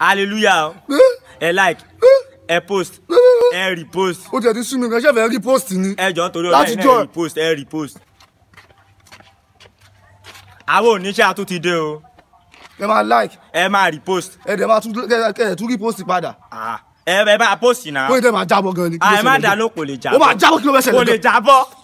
hallelujah A like a post a repost. o tẹ̀ ti sún mi kan ṣẹ̀fẹ̀ repost ni. ẹ jọ nítorí ọ̀la yìí ẹ repost ẹ repost. àwọn oníṣẹ́ ti dé o. ẹ máa like. ẹ máa repost. ẹ dẹ̀ máa tún repost padà ah, ẹ bá post náà. ó yẹ kí ẹ máa jábọ̀ gan ni. àyè ah, má dà ló kò lè jábọ̀. ó máa jábọ̀ kí ló fẹ́ ṣẹlẹ̀. kò lè jábọ̀.